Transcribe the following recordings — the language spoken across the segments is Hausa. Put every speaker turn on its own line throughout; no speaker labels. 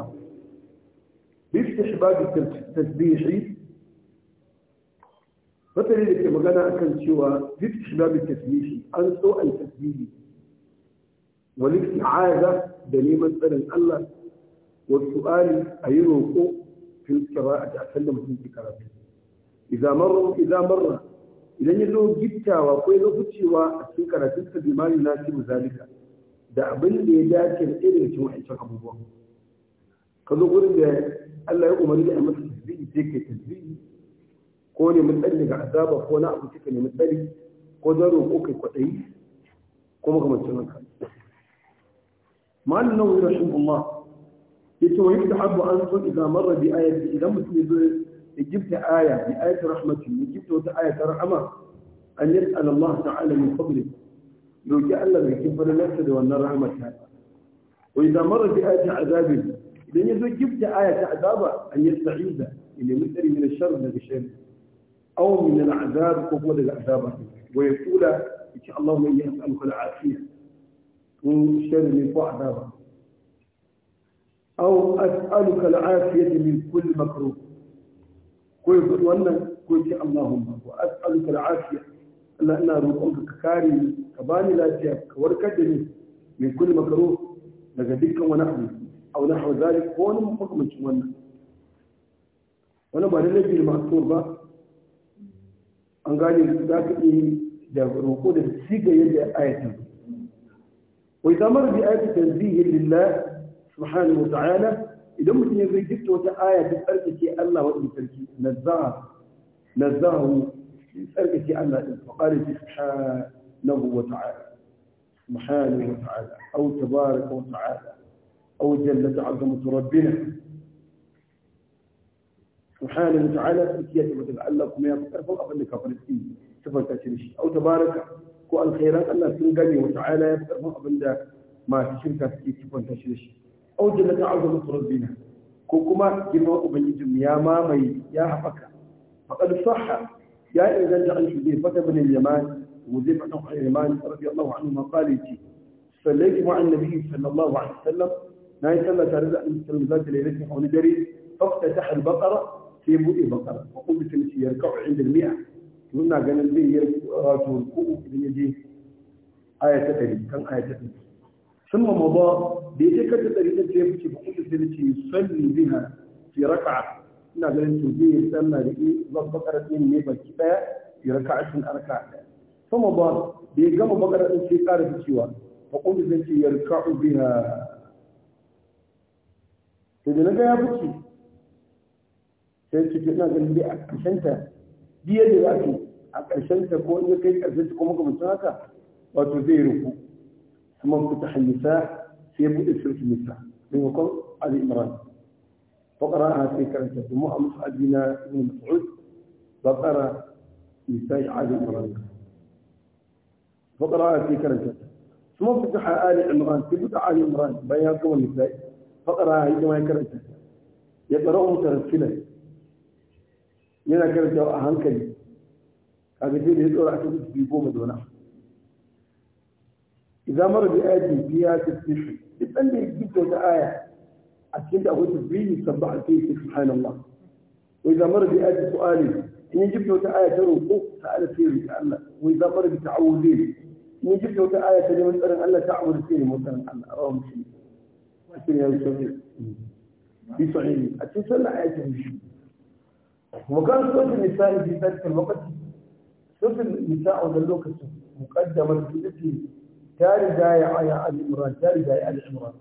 الجمعة باستحباب التسبيح فتري لك مغانا أكن شوى باستحباب التسبيح أنسو التسبيح والاستعاذة دليما سأل الله والسؤال أيروكو في القراءة أتكلم في القراءة إذا مر إذا مر idan ya zo gittawa ko ya zo ficewa a cikin karatunsa bi mali na cikin zalika da abin da ya dace da irin cikin wa'ancan abubuwan ka zo gurin da Allah ya umarni a masa tasbihi sai kai tasbihi ko ne mun tsari daga azaba ko na abu kika ne mun tsari ko don roƙo kai kwaɗayi ko makamancin haka malin nan wurin shin kuma ya ce wa yi ta abu an so idan marar bi ayat idan mutum ya zo ya gifta aya bi ayat rahmatin ya gifta wata aya ta rahama an yi Allah ta'ala min fadli roƙi Allah mai kin fara nasa da wannan rahama ta wa idan marar bi ayat azabin من يزوج جبت آية عذابة أن يستعيدها إلى مثل من الشر الذي شر أو من العذاب قبول العذاب ويقول إن شاء الله من يسألك العافية من شر من فوق عذابة أو أسألك العافية من كل مكروه ويقول وانا قلت اللهم واسالك العافيه الا ان روحك كاري كباني لا تيك وركدني من كل مكروه لقد ديك ونحن أو نحو ذلك هو من حكم الجملة وأنا بعد لنجي المعصور با أنقالي ذاك إيه جابر وقود السيقة يلي آية وإذا مر بآية تنزيه لله سبحانه وتعالى إذا ما تنزيه جبت وتا آية تسألك شيء الله وإن تركي نزاه نزاه تسألك شيء الله فقال سبحانه وتعالى سبحانه وتعالى أو تبارك وتعالى أو جلة عظمة ربنا سبحانه وتعالى سكية وتتعلق ما يتعرف الله أفضل كفر الدين سفر أو تبارك كو الخيرات الله سنقني وتعالى يتعرف الله أفضل ما تشريك في سفر تشريش أو جلة عظمة ربنا كو كما جمع أبنجم يا مامي يا حفك فقد صح يا إذا إذن جعل شديد فتب اليمان وزيب عن اليمان رضي الله عنه قال يجي إيه؟ فليجمع النبي صلى الله عليه وسلم ما يسمى تارزة المسلمات اللي يريدها هون جري فاقتتح البقرة في مؤي بقرة وقوم بتمشي يركع عند المئة قلنا قال المئة يركعوا القوة اللي يجي آية تتريد كان آية تتريد ثم مضى بيجي كتا تريد تريد تريد تريد بها في ركعة قلنا قال المئة يسمى إيه؟ بقرة اثنين ميبا كفاية في ركعة من أركعة ثم مضى بيجي كتا تريد تريد تريد تريد تريد تريد تريد تريد sai da na ga ya fice sai ce ina ganin dai a ƙarshen ta biye da za su a ƙarshen ta ko in ya kai ƙarshen ta ko makamancin haka wato zai rufu kuma fita hannisa sai ya buɗe sirfi nisa maimakon ali imran فقرأها في كرنسة مع مصعب بن مسعود بقرة نساء عاد عمران فقرأها في كرنسة ثم فتح آل عمران في فتح آل عمران بيان قوى النساء faƙara ita ma ya karanta ya tsara umu tarantilan yana karanta a hankali kaga sai da ya tsara a cikin biyu goma zauna idza mara bi ayati fiha tasbihu duk dan da yake wata aya a cikin da akwai tasbihi sabbaha fi subhanallah wa idza mara bi ayati su'ali in yi jibta wata aya ta roƙo ta ala sai roƙi Allah wa idza mara bi ta'awuzi in yi jibta wata aya ta neman tsarin Allah ta'awuzi sai neman tsarin Allah a rawar musulmi cikin ya wuce bi وكان صوت النساء في ذلك الوقت صوت النساء ذا الوقت مقدمة بإذن تاري جاي على آل عمران تاري جاي على عمران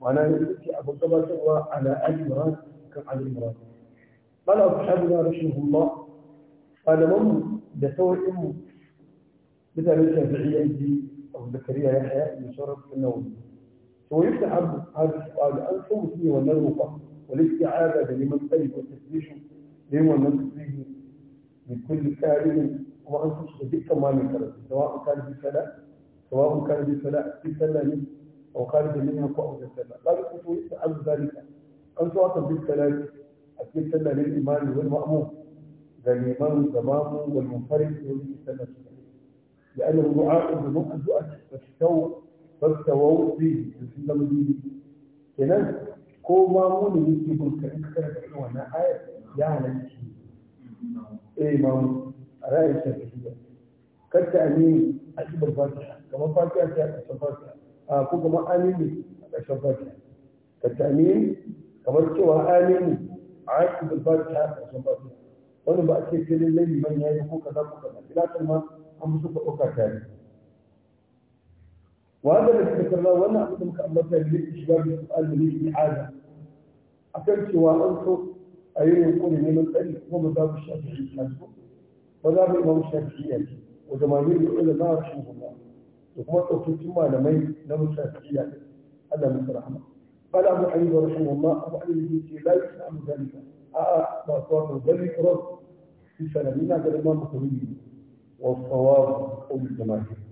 وأنا أبو الضبا على آل عمران على عمران قال أصحابنا رحمه الله قال من دسوى أمه مثل الشافعية أو زكريا يحيى بن شرف النووي هو يستحب هذا السؤال الخوف فيه النظم والاستعاذة لمن طيب والتسليش لمن نسليه لكل كارم وأن ما من الكلام سواء كان في صلاة سواء كان في صلاة في صلاة أو خارج منها أو في لكن هو كنت ذلك أن تواصل بالصلاة أكيد صلى للإمام والمأمور للإيمان الإمام والمنفرد والذي لأنه دعاء الذنوب الدعاء والشوق fastawau bi sun zama biyu kenan ko ma muni ne bin ka in ka karanta wannan ayar ya halarci eh ma a ra'ayin shafi'iyya kar ta amini a ƙibar fatiha kamar fatiha ta yi a fatiha a ko kamar amini a ƙarshen fatiha kar ta amini kamar cewa amini a ƙibar fatiha a ƙarshen fatiha wani ba a ce sai lallai liman ya yi ko kaza ko kaza filatar ma an musu ka ɗauka tare وهذا الذي ذكرناه وانا اقول لك ان الله للاشباب السؤال بالاستعاذه اكلت وانت اين يكون من العلم أيوة، هو مذهب الشافعي حسبه من الامام الشافعي وجماهير لا رحمه الله ثم انا ما na الشافعيه الا من رحمه قال أبو حنيفة رحمه الله أبو حنيفة لا يسلم ذلك آه، آه، ما صار ذلك رد في سلامنا قال الإمام الخميني والصواب قول الجماهير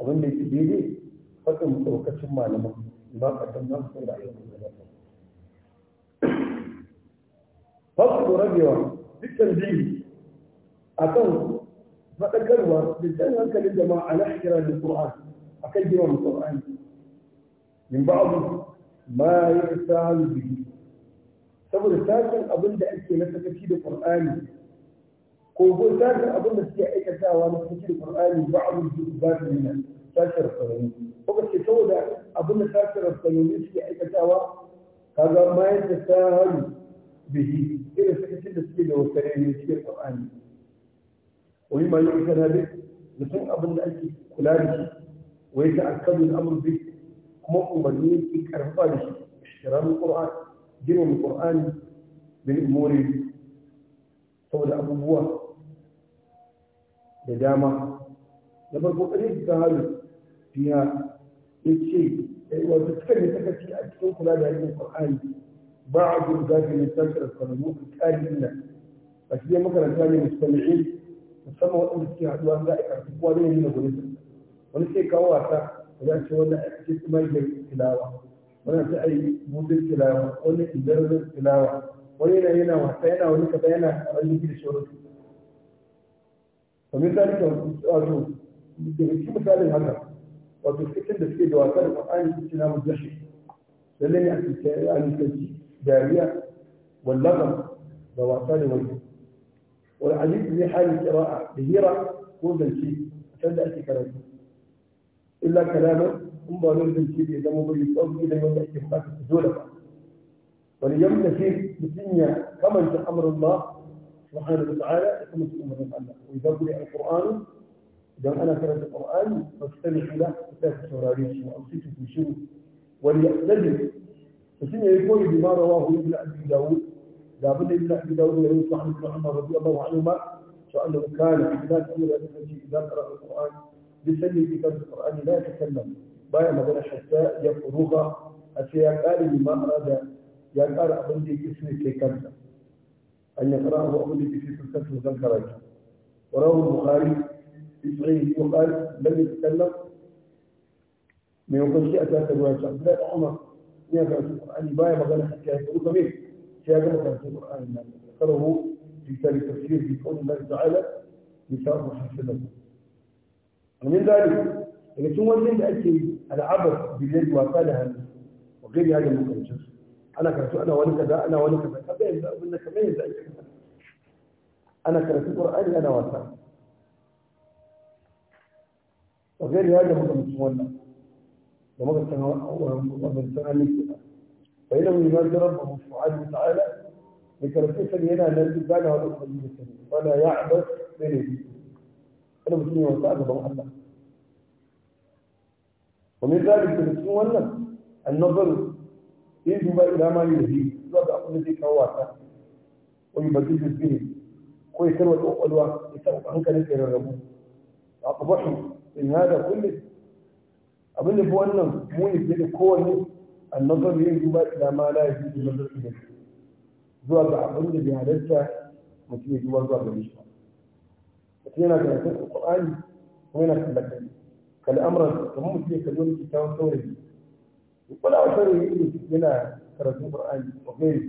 abin da yake daidai faɗin ɗaukacin malaman ba ka san nasu sai da ayyukan da ba fasu rabewa dukkan biyu a kan faɗakarwa da jan hankalin jama'a a lahira da ƙur'an a kan girma ƙur'an min ba'adu ma ya samu biyu saboda tashin abin da ake na sakaci da ƙur'ani كوبول أظن السياحة كذاوة مثل القرآن بعض الجذبات من تاشر القرآن وقت سودا أظن تاشر القرآن السياحة كذاوة هذا ما يتساهل به إلا سكسل السياحة والقرآن يتساهل القرآن وهما يؤثر هذا لكن أظن أنت كلاري ويتأكد الأمر به كما هو مدين في كرفال اشترام القرآن جنون القرآن من أمور سودا أبو بوه da dama da farko ƙarfi ta halu fiya ya ce eh, wato suka ne sakaci a cikin kula da yakin qur'ani ba a gudu zafi ne tantar kalamu a ƙari ina a cikin makaranta ne mustami'in musamman waɗanda suke haɗuwa za a karfi kowa zai yi na gudu wani sai kawo wasa da za a ce wanda a cikin tsumagiyar filawa wani sai a yi butun filawa wani idarzin filawa wani yana yana wasa yana wani kaza yana a wani gidi shawararsu ومن ذلك أرجو بديكي مثال هذا وتفكر في دواسة القرآن في السلام الزحي لأن يأتي عن الكلتي دارية واللغم دواسان وجه والعجيب في حال القراءة بهيرة كون ذلك أشد أتي كلامه إلا كلامه أم بالون ذلك إذا مضي الصوت إذا يوم يحكي فاكس زولك وليوم نسيب بسنيا كما أنت أمر الله سبحانه وتعالى في بمذهب الله واذا قرئ القران اذا انا قرات القران فاستمع له وتاتوا سوراريش في شيء وليعتذر فسمع يقول بما رواه ابن ابي داود لابد ابن ابي داود ويوسف عن ابن عمر رضي الله عنهما فانه كان ذات امر اذا قرا القران بسلم في القران لا يتكلم بايا مدن حتى يفرغ أشياء قال لما أراد يقال أبن دي اسمه كي كذا أن يقرأه أولي في سلسلة المذكرات وروى البخاري في صحيح وقال لم يتكلم من يقول شيء أساسا ولا شيء لا الله عمر يقرأ في القرآن باية مغانا حتى يقول كبير شيء كما كان في القرآن ذكره في كتاب التفسير في قول الله تعالى لشرح حسنه ومن ذلك إذا ثم الذي أجل العبث باليد وقالها وغير هذا المكان أنا كرتو أنا ولكذا أنا ولكذا أبي أبي أنك مين أنا كرتو القرآن أنا وصل وغير هذا هو المسلمون لما قلت أنا ومن سنة ليس فإذا من يمال ربه سبحانه وتعالى لكرتو سنينا الذي بانا ونقف من السنة فلا يعبث من يجب أنا مسلمين وصعب بمحمد ومن ذلك المسلمون النظر sai duba ila ma yurhi zuwa ga abin da zai kawo wasa ko yi bakin jirgin ko ya tarwata kwakwalwa ya taɓa hankalin sai rarrabu a ƙabashi in da kullum abin da wannan muni fiye da kowanne annazar yin duba ila ma la yurhi da nazar idan zuwa ga abin da bai halarta mutum ya duba zuwa ga shi ba mutum yana karatun alƙur'ani ko yana kallon kalli amuran kamar mutum ya kalli wani kyakkyawan saurayi ولا أشعر إنه لنا كرسي القرآن وغيره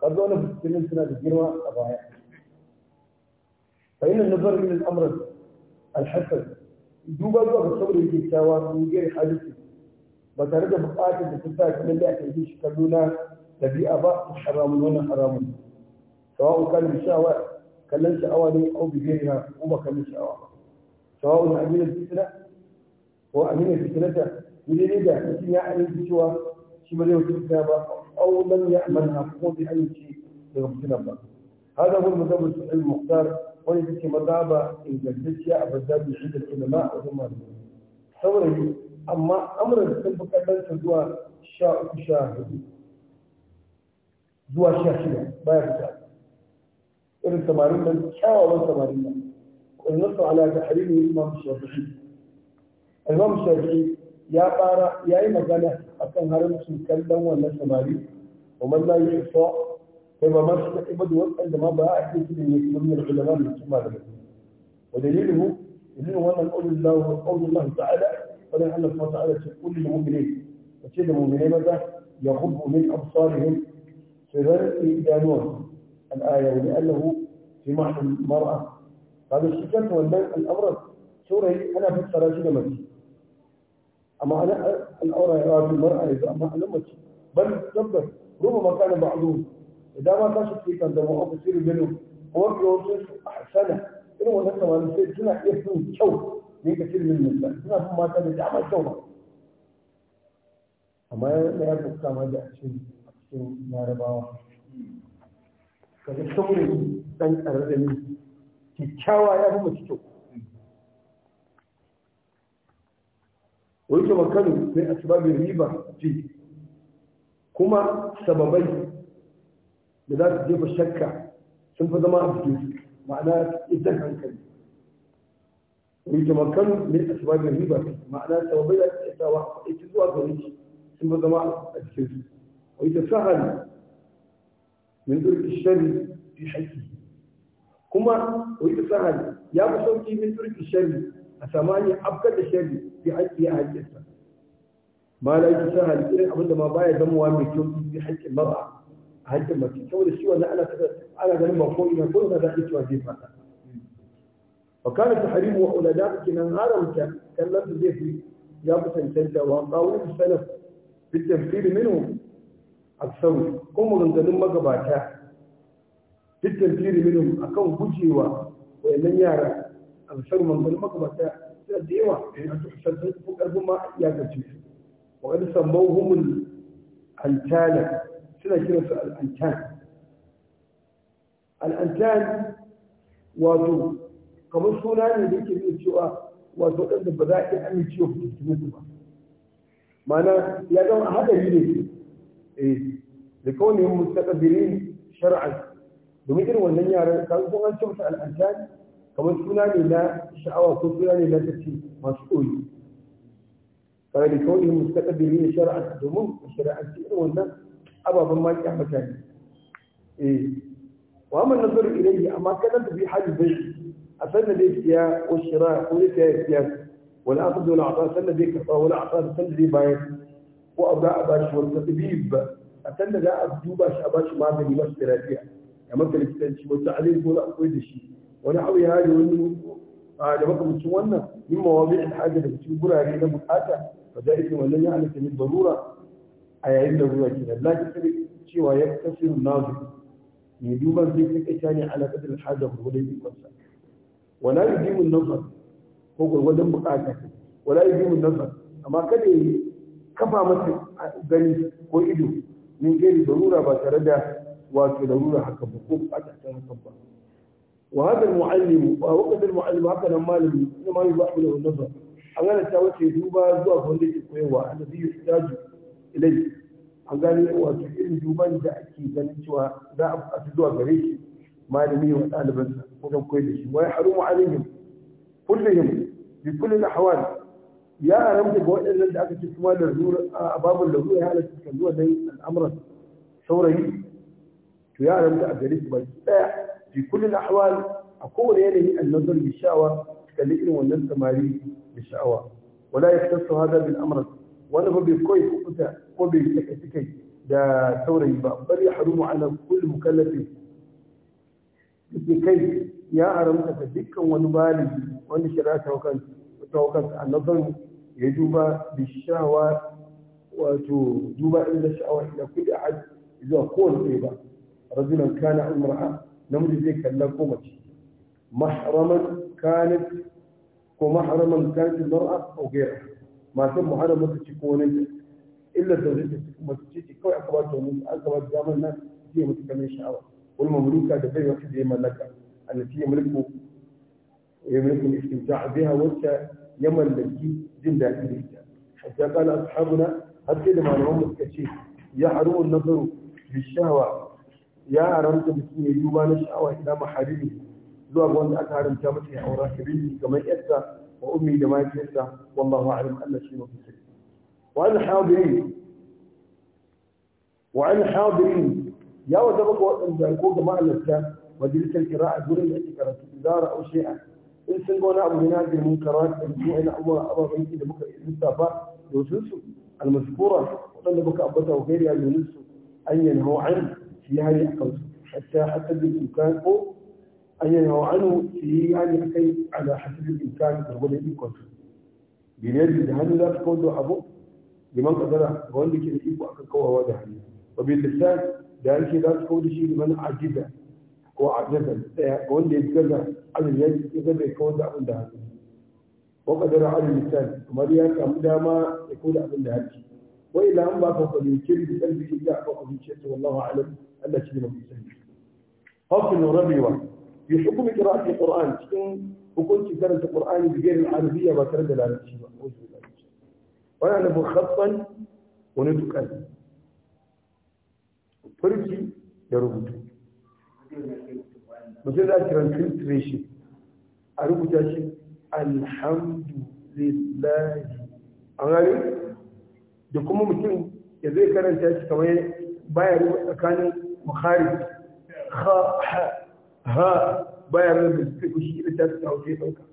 قد أنا في السنين سنة الجروة أضعي فإن النظر من الأمر الحسن دوبا دوبا بالصبر يجي التاوى من غير حادثة بطريقة بقاعدة بسبتها كما لا تجي شكرونا لبي أباء حرام ولا حرام سواء كان بشاوى كان شاوانه أو بغيرها وما كان شاوى سواء أمين الفتنة هو أمين الفتنة daidai da mutum ya amince cewa shi ba zai wuce fita ba au lam ya amanna ko bai amince daga mutunan ba هذا هو المذهب المختار ولذلك مذهب الجدية أبزاد عند العلماء وهم ثوري أما أمر السلب كان زوا شاء شاهد زوا شاهد بايرجع إن التمارين من شاء ولا تمارين النص على تحريم الإمام الشافعي الإمام الشافعي ya fara ya yi magana akan haramcin kallon wannan samari wa man la yusa kai ba masu da ibadu waɗanda ma ba a ce su ne yake min ulama da su malamai wa dalilu idan wannan qaulul lahu qaulul lahu ta'ala wa la ilaha illa ta'ala ce kullu mu'minin ce da mu'minai maza yaghubbu min absarihim sirran idanuhum al-aya wa li'annahu في محض المرأة هذا الشكل والبيع الأمر سوري أنا في الثلاثين مسجد amma al'aura ya rawa mar'a yanzu amma a mace bal tabbas ruba makana ba'du idan ma kashi ke kan zama aka sirri gano kuma ga wasu su a ahsana irin wannan samarin sai suna iya sun kyau ne ka sirri min nisa suna sun mata da dama kyau ba amma ya ya fuska ma da cikin cikin larabawa ɗan saurayi da ni. kyakkyawa ya fi mace kyau wa yake makalu min asbabin riba fi kuma sababai da za su jefa shakka sun fi zama a cikin ma'ana idan hankali wa yake makalu min asbabin riba ma'ana sababai da ke sawa a cikin zuwa gare shi sun fi zama a cikin su wa yake min turki shari fi haƙƙi kuma wa yake sahal ya fi sauki min turki shari a samu hanyar afkar da shari bi haƙƙi a haƙƙinsa ma la yi sa hali irin abin da ma baya zamowa mai kyau bi haƙƙin mar'a a haƙƙin mace saboda shi wannan ana ana ganin ba ko ina ko ina za a iya cewa zai fata wa kana tahrimu wa uladat kinan haramta kallon zai fi ya fi cancanta wa qawlu salaf fi tafsir minhu aksaru ko maganganun magabata fi tafsir minhu akan gujewa wayannan yara الحرمة المقبة الديوة حين تحسن فوق أبوما يا جديد وقد سموهم الأنتان سنة جلسة الأنتان الأنتان وضو قبل سنان يجيك في الجوء وضو قد بذائي أن يجيوه في الجوء معنى يجب هذا يجب إيه. لكونهم مستقبلين شرعا بمجر وننيار كان سنة جلسة الأنتان kamar suna ne na sha'awa ko suna ne na tafi masu koyi kawai da kawai musu takabiri na shari'a domin shari'anci irin wannan ababen ma kya mutane eh wa amma nazaru ilayhi amma kana da bi hali bai a sanar da siya ko shira ko da siya siya wala aqdu wala ata sanar da karba wala ata sanar da bayan ko abda a bashi wani tabib a sanar da a duba shi a bashi magani masu terapiya kamar kalifitanci wata alim ko za a koyi da shi ونحوي هذا وانه على وقت السوانة من مواضع الحاجة التي تقول هذه هي مقاتة فذلك ما لن يعلم من الضرورة أي علم الرواجين لا تسر سوى يكتسر الناظر يدوبا في كل إنسان على قدر الحاجة والغلي بالقصة ولا يديم النظر هو الودن مقاتة ولا يديم النظر أما كده كفى مثل غني وإدو من غير ضرورة بترده وكي ضرورة حكم حقوق أتحتها حكم حقوق وهذا المعلم وقف المعلم هذا ما لم ما يباح له النظر أنا أنا سويت جوبا زواج ولد الكويوة الذي يحتاج إليه أنا قال لي هو تحيل جوبا زعكي زنيت وذا أتدوى فريق ما لمي وأنا بنسى وكم كويلش ويحرم عليهم كلهم في كل الأحوال يا رمز قوي إلا أنت أكتب سوال الرزور أباب آه، الرزور هذا تتكلم هو الأمر ثوري يا رمز أبريس بس في كل الأحوال أقول إليه يعني النظر بالشعوة تكلمه والنظر ماري بالشعوة ولا يختص هذا بالأمر وأنا هو بيكوي فقطة هو بيكتكي دا ثوري بل يحرم على كل مكلف بيكي يا أرم تذكا ونبالي وأن شراء توقن توقن النظر يجوب بالشعوة وتجوب عند الشعوة إلى كل أحد إذا قول طيبا رجلا كان أمرأة namiji zai kalla ko mace mahraman kanat ko mahraman kanat mar'a ko gaira matan muharram mace ce ko wani illa da zai mace ce kawai aka ba ta wani aka ba ta zaman nan zai mutu kamar sha'awa wal mamluka da bai wata da ya mallaka allati yamliku yamliku al-istimta' biha wacce ya mallaki jin daɗi da ita hatta qala ashabuna har sai da malaman mu suka ce ya haru an-nazaru bi shahwa ya haramta mutum ya duba na sha'awa ila maharimi zuwa ga wanda aka haramta masa ya aura kabiri kamar yarsa wa ummi da mahaifiyarsa wallahu a'lam Allah shi mafi sani wa an hadirin wa an hadirin ya wata baka waɗanda ko ga ma'alarta majalisar kira'a gurin da ake karatu zara au shay'a in sun ga wani abu ne na da munkarat da mutum ina abubuwa ababen da muka lissafa dosin su almaskura waɗanda muka ambata wa gairiya domin su an yanhau an في هذه أكوته حتى حسب الإمكان أو أن ينهوا عنه في هذه أكي على حسب الإمكان يقول لي كنت بنيد هل لا تكون ذو أبو لمن قدر قول لك الإيب أكاكوه ودهني وباللسان ذلك لا تكون شيء لمن عجبه وعجزا قول لي يتجزع على اليد يتجزع بيكون ذو أبو دهني وقدر على اللسان ومريا كم ما يكون أبو دهني وإلى أن بعض فوق الكلمة قلبي إلا فوق الكلمة والله أعلم Allah shi ne mafi sani hafin rabewa bi hukumi qira'ati alquran cikin hukunci karanta qur'ani da ghairi al ba tare da larabci ba wannan nufin khaffan wani tukan furki da rubutu mutum za a kiran filtration a rubuta shi alhamdulillahi an gani da kuma mutum ya zai karanta shi kamar baya rubuta tsakanin مخارج خاء حاء هاء baya mai bincike shi ita ta tsawo sai ɗauka.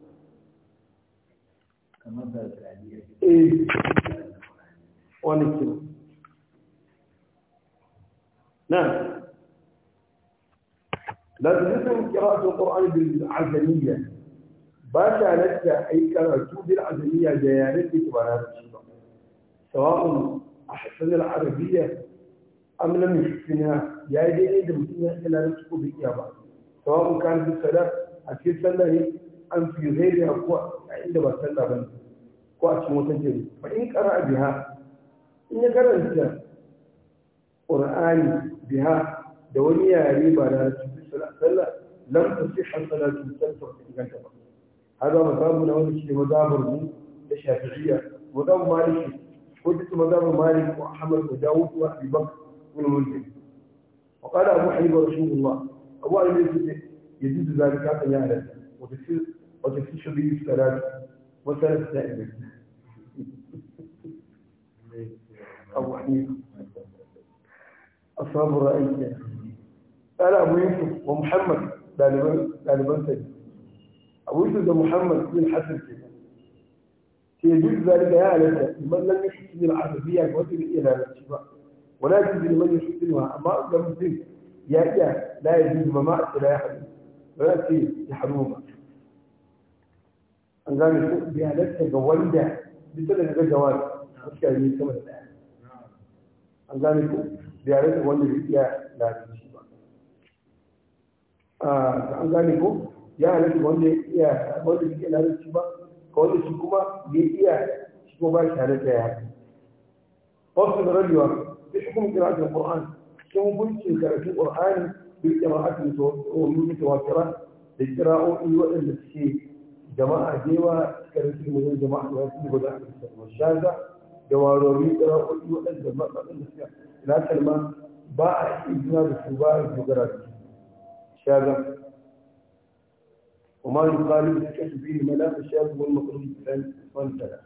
Kamar نعم لازم يسمى قراءة القرآن بالعزمية باشا لك أي قراءة بالعزمية جيانتي كبارات الشباب سواء أحسن العربية أم لم يحسنها ya yi daidai da mutum ya iya larabci ko bai iya ba sawabin kan fi sadar a cikin sallah ne an fi zaida ko a inda ba sallah ba ne ko a cikin wata jeri ba in kara a biha in ya karanta qur'ani biha da wani yare ba da larabci sallah lam tasihha su sallah ta inganta ba hada mazabu na wani shi mazabar mu da shafi'iyya mazabu maliki ko duk mazabu maliki ko ahmad da dawud wa abubakar ibn munzir وقال أبو حنيفة رسول الله أبو حنيفة يزيد ذلك عن يعني وتفسير وتفسير شبيه الثلاث وثلاث دائما أبو حنيفة أصحاب رأيك قال أبو يوسف ومحمد غالبا تاني أبو يوسف ومحمد محمد بن حسن كده يجوز ذلك يا من لم يحسن العربية الوزن إلى الاتباع wala yajuzu liman yushriku amma da mutum ya iya la yajuzu ma ma'a la yahdu wala ce ya haru ba an gane ko bi ga wanda bisa da ga jawabi gaskiya ne sama da daya an gane ko bi halatta wanda bai iya lafiya an gane ko ya halatta wanda ya iya wanda ya ka wanda shi kuma iya shi shi halatta ya haka wasu da rabewa بحكم قراءة القرآن كم بنتي قراءة القرآن بالقراءات المتواترة للقراءة الوئل أيوة الشيء جماعة جيوة قراءة المدن جماعة الوئل بدأ والشاذة جواروري قراءة الوئل جماعة لا كلمة باع إذنا بسباع المقرات شاذة وما يقال بالكشف فيه ملاك الشاذ والمخرج الثاني والثلاث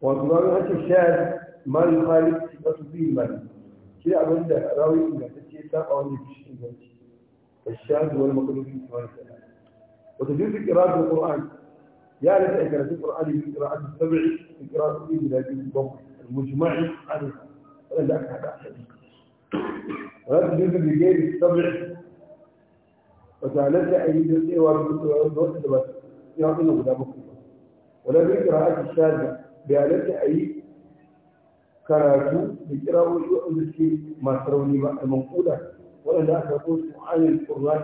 وقال هذا الشاذ ما يخالف fatu zai mana shi abin da rawi ingantacce ya saba wani da shi inganci ka sha zuwa makarufi su wani sana wata jirgin kira'ar da ƙur'an ya lasa a karatun ƙur'ani min kira'ar da saba'i min kira'ar da guda biyu bakwai al-mujma'i an wanda aka haɗa a hadisi wata jirgin da gairi saba'i wata lasa a yi da tsewa da wata da ba su yi haɗin guda bakwai ولا بقراءة الشاذة بألف أي karatu da kirawoyi waɗanda suke masu rauni ba a mankuda waɗanda aka rabu su ayin ƙurran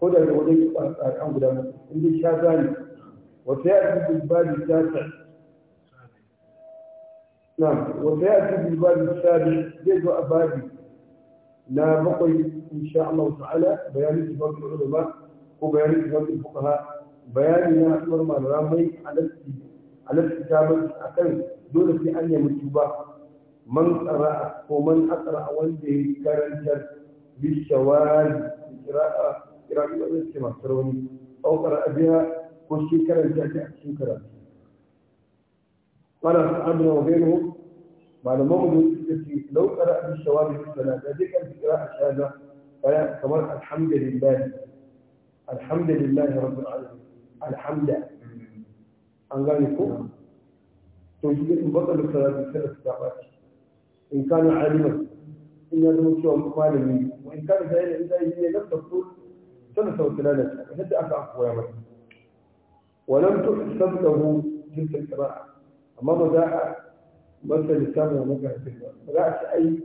ko da ga wajen yiwuwa a guda ba inda sha wata ya fi bilbali ta na wata ya fi bilbali ta zai zo a babi na bakwai insha Allah ta'ala bayanin su babu ulama ko bayanin su babu bayani na asmar malaramai a nan الاكتتاب أكل دون في أن يمتبا من قرأ ومن أقرأ وانده كرنجر بالشوال قراءة قراءة الاستماع تروني أو قرأ بها وشي كرنجر تأكسن كرنجر قال أصحابنا وغيره بعد ما مدرسة لو قرأ بالشوال بالصلاة ذكر قراءة شهادة فلا كمان الحمد لله الحمد لله رب العالمين الحمد لله an gane ko to shi in baka da karatu kada su gaba in ne aliman in ya zama cewa malami wa in kana jahili in jahili ne da ko sana sauki lalata yadda aka koya masa ولم تحسب له جنس القراءة أما مداعة مثل لسانه ومجهة الوقت ta أي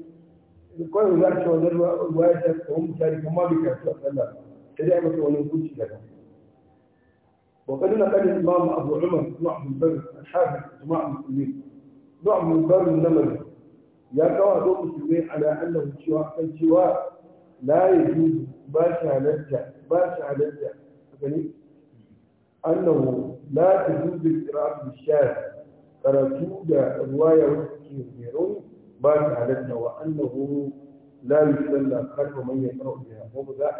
كل مداعش ونروى رواية هم شارك sai dai أسوأ فلا wani مثل ونقول وقد نقل الإمام أبو عمر بن عبد البر الحافظ جماعة المسلمين بن عبد البر النمري يا كوا دو مسلمين على أنه شواء كان لا يجوز باشا لجة باشا لجة أفني أنه لا تجوز القراءة ترى قرأتوا رواية وسكين غيرون باشا لجة وأنه لا يسلى خلف من يقرأ بها وبدأ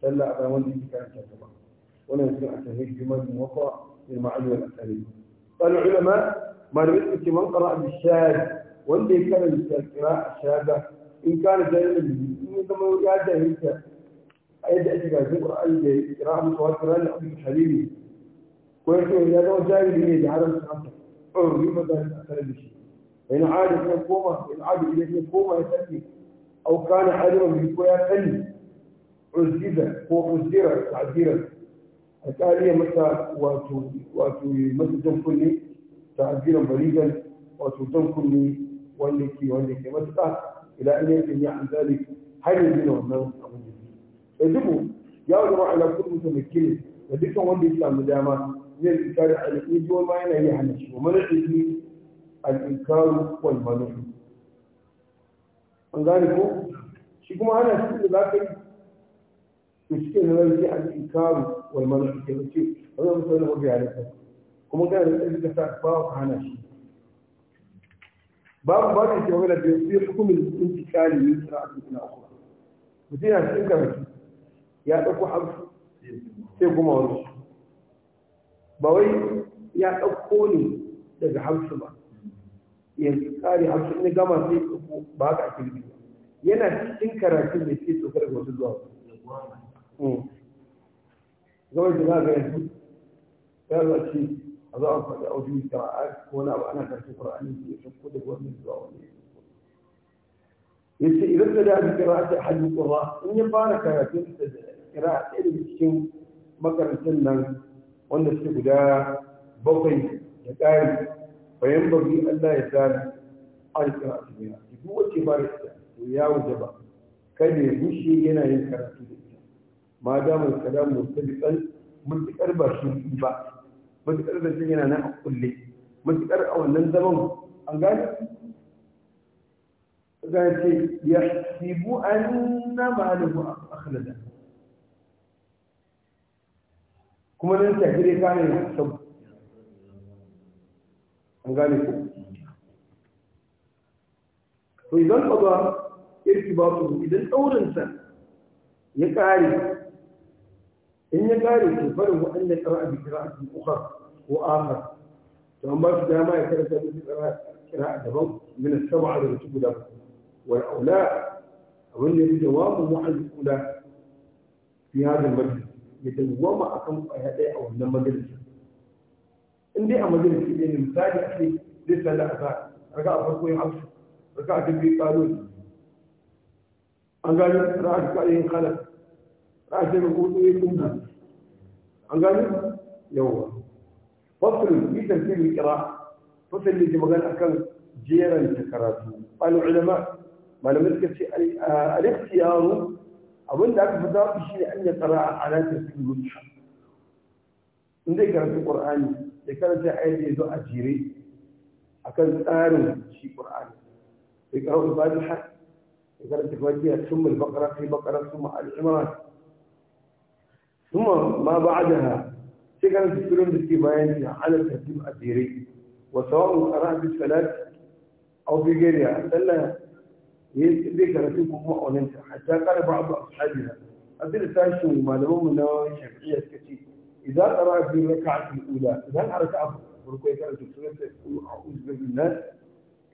سلى على من كان كتبه ولا يصير اسانيد جمال موقع للمعاني والاسانيد قال العلماء ما رأيت من قرأ بالشاهد والذي كان القراءة الشاهدة إن كان جاهلا إن كما يا جاهلك أي جاهلك أي قراءة متواترة لأبي الحليمي ويقول يا جاي من إيه هذا عمر أعرف ماذا أسأل بشيء فإن عاد إلى كوما إن عاد إلى كوما يسألني أو كان عالما بكويا فني عزيزا هو عزيرا تعزيرا a tsariya masa wato wato masa jan kunne ta ajiyar barigan wato jan kunne wanda ke wanda ke matuƙa ila an yanke ne an zari har yanzu na wannan abin da ke da dubu ya wani ma'ana kudu ta makini da dukkan wanda ya samu dama zai rika a alƙiji wani ma yana yi hana shi wa mana ɗauki al'inkaru wal manufi an gane ko shi kuma hana shi da za ka yi to shi ke wal mana ke ce wani abu sai na hobi a rikin kuma kana da tsarki ka sa ba ka hana shi babu ba ka ke magana da sai hukumin intikali ne suna a cikin akwai mutum yana cikin karatu ya ɗauko abu sai kuma wani ba wai ya ɗauko ne daga hamsu ba ya tsari hamsu ne gama sai ɗauko ba haka ake nufi yana cikin karatun da ke tsokar da wasu zuwa hmm. زوجي ما بينهم قال شيء أضعف أو أوجه قراءات ولا وأنا في القرآن في شقودك ومن الزوالين يس إذا ابتدى بقراءة أحد القراء إن يبارك قراءة الشيء مكر سنة وأن السجداء بقي يقال فينبغي أن لا يزال على قراءة بها هو كبار السنة ويا وجبا كان يمشي ينكر قراءته ma damar kalam mustadiqan mutakar ba shi ba mutakar da shi yana nan a kulle mutakar a wannan zaman an gane za ce ya sibu an na malubu a khalada kuma nan tafi dai kane sabu an gane ku to idan ba irtibatu idan daurinsa ya kare in ya kare to barin waɗannan ƙara'a bi ƙira'atin ukhra ko akhar to ba su dama ya karanta da ƙira'a ƙira'a daban min as-sab'a da su guda wal aula abin da yake jawabu mu'allif kula fi hadha al-majlis ya dawwama akan kwaya ɗaya a wannan majalisi in dai a majalisi ne misali a ce zai sallah a raka a farko yin hafsu raka a tafi ƙalon an gano raka a yin khalas ba sai da kuɗi ya kunna an gani yawa fasul bi tafsir al-qira fasul ne magana akan jeran ta karatu al ulama malamai suka ce al-ikhtiyaru abinda aka fi zaɓi shi ne an yi tsara a alatar su yi in zai karanta ƙur'ani da karanta ayat da ya zo a jere a kan tsarin shi ƙur'ani sai karanta fatiha ya karanta fatiha sun mul bakara sai bakara sun ma'al imran ثم ما بعدها كانت تتكلم باستباعات على الترتيب الديري وسواء قرأ بالصلاة أو بغيرها فلا يبقى رتيبكم هو أو ننسى حتى قال بعض أصحابها أبدا ساشو ما لهم من شافعية كثير إذا قرأ في الركعة الأولى إذا الركعة ركوع كانت سورة أعوذ بالله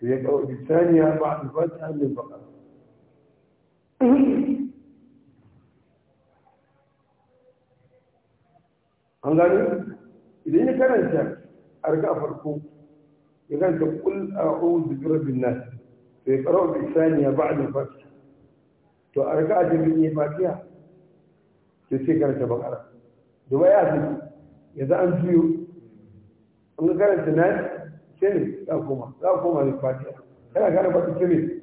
في الثانية
بعد الفاتحة من البقرة an gani idan ya karanta a riga a farko ya ganta kul a ozu birabin nas to ya karo da isaniya ba a nufati to a riga a jirgin ya fatiya to sai karanta bakara da zai ya za an juyo an ga karanta nas sai ne za koma za a koma da fatiya kana gane ba su kire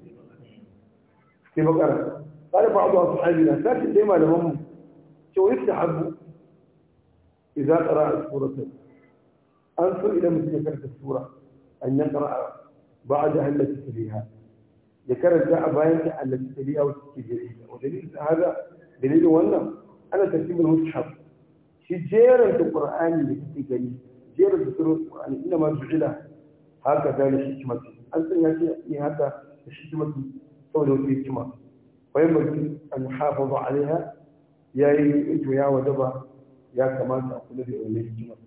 sai bakara kada ba a zuwa na hajjina sashin dai malamanmu cewa yi ta hagu. إذا قرأ سورة أنصر إلى مسلم كرة السورة أن يقرأ بعدها التي تليها ذكر جاء باينة التي تليها والتي تليها ودليل هذا دليل وانا أنا ترتيب المصحف في جيرة القرآن اللي تتجلي جيرة سورة القرآن إنما جعل هكذا لحكمة أنت يأتي هذا لحكمة قوله في حكمة وينبغي أن نحافظ عليها يا إيه إنتوا يا ودبا ya kamata a kula da wannan hikimar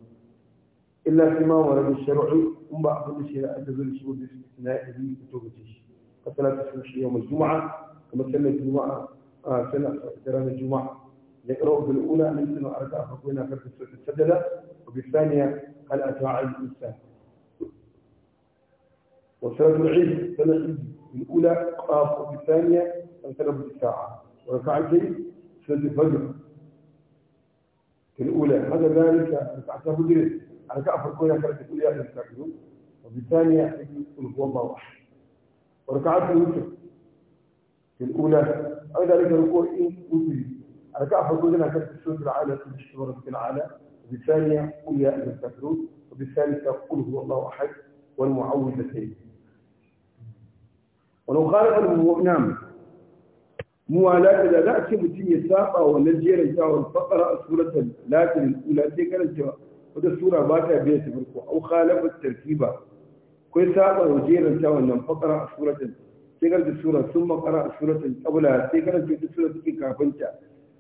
illa fi ma wa rabu shar'u in ba abin da shari'a ta zuri shi wanda suke tana ya yi fito gace shi kasala ta sun shi yau mai juma'a kamar sallar juma'a a sallar da ranar juma'a ya karo bil ula an yi a arka farko yana karka sadada wa bi saniya hal ata'a al insan wa salatu al eid sallar eid bil ula qaf wa bi saniya an tarbu sa'a wa raka'atayn sallar fajr الأولى هذا ذلك أنت أحسن مدرس أنا كأفر كوية كانت تقول يا أهل الكافرون وفي الثانية يقول هو الله واحد وركعات الوتر في الأولى أو ذلك ركوع إيه وتر أنا كأفر كوية كانت تسجد العالى كل ورد في العالى وفي الثانية قل يا أهل الكافرون وفي الثالثة قل هو الله أحد والمعوذتين ولو خالف المؤمن muwalata da za a ce mutum ya saba wannan jerin tawon fakara a suratul latin ula sai karanta wata sura ba ta biya ta farko au khalafa tartiba kai saba wa jerin tawon nan fakara a suratul sai karanta sura sun makara a suratul qabla sai karanta wata sura take kafinta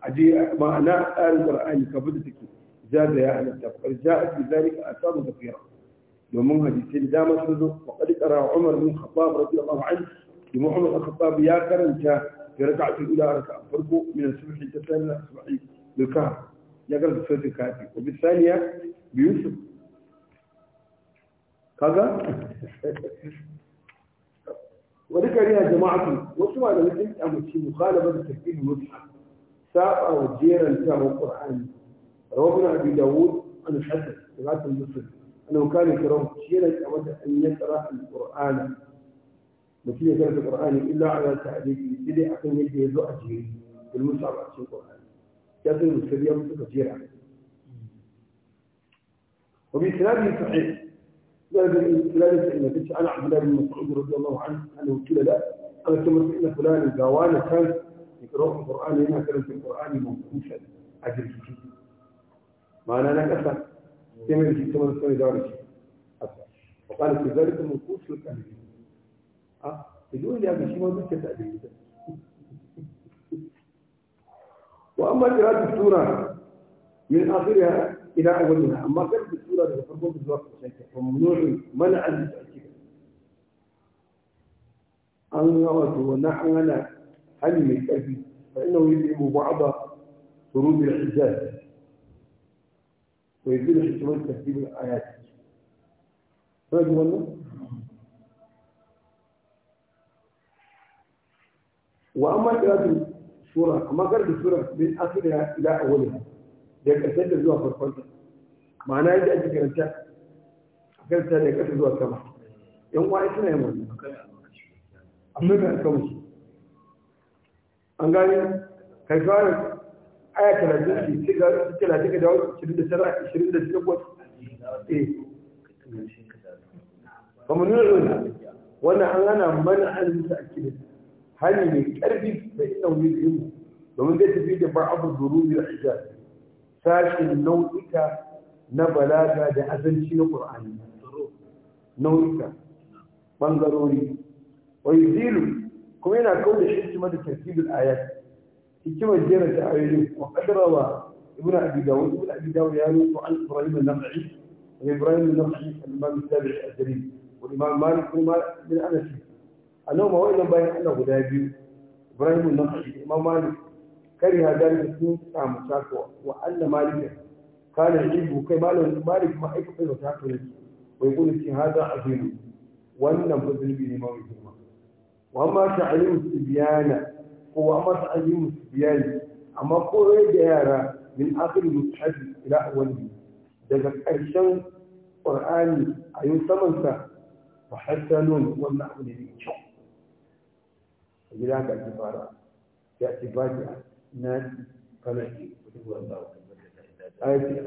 a je ma'ana tsarin qur'ani kafin da take da ya halatta fakar ja'a fi zalika asabu kafira domin hadisi da dama sun zo faqad qara umar bin khattab radiyallahu anhu kuma umar al-khattab ya karanta بركعة الأولى ركعة فرقه من الصبح حتى الثانية الصبح بالكهف يقرأ بصوت الكافي وبالثانية بيوسف كذا وذكر يا جماعة وشو أنا مثل أمشي مخالفة التكفير الوضحى ساقة وجيرا لسان القرآن روحنا أبي داود عن الحسن ثلاثة المصر أنه كان يكره شيئا أود أن يقرأ القرآن mutum ya القرآن إلا على ala إلى sai dai akan في ya zo a jiri bil musab a cikin qur'ani ya zo ذلك الاسلام عبد الله بن مسعود رضي الله عنه انه قيل له انا كما ان فلان وانا كان يقرأ القرآن هنا كلمة القرآن موقوفا أجل فيه ما أنا كفى كما في كما نسمي دار الشيء وقال كذلك موقوف الكلمة a da wanda ya shi ma zuciya ta abin wa amma qira'atu sura min akhiriha ila awwaliha amma da sura daga farkon zuwa ƙarshen ta mamnu'u mana an ta'kid an wato wannan an hali mai karfi fa innahu yudimu ba'da surud al-ijaz wa amma qira'atu sura amma kar da sura min asliha ila awwaliha da karshen da zuwa farkon ta ma'ana yadda ake karanta karanta da kasa zuwa sama yan uwa suna yin wannan amma da kan su an gane kai ga aya talatin ce ga talatin ga dawo shirin da tara shirin da takwas eh kamar nuna wannan an gana mana alimusa a kidan هني من كرب فإنه يدعم ومن ذلك في بعض الظروف الحجاب فاش النوئك نبلاغا لأذن شيء القرآن نوئك من ضروري ويزيل كما هنا كون الشيء مدى ترتيب الآيات كما جينا تعالي وقد روى ابن أبي داود ابن أبي داود يعني عن إبراهيم النمعي إبراهيم النمعي الإمام السابع الأزلي والإمام مالك ومالك من أنسي a noma wa'annan bayan Allah guda biyu Ibrahim na kashi Imam Malik kari hadari sun samu tasowa wa Allah Malik kana ilmu kai Malik ma aika da ta ne bai wai gudu ce hada zuru wannan ba zulbi ne mawai girma wa amma ta'limu biyana ko wa amma ta'limu biyani amma koyar da yara min akhir mushaf ila wani daga ƙarshen Qur'ani a yi samansa wa hasanun wannan abu ne mai kyau بلاد الجبارات في اعتباد ناس فلسطين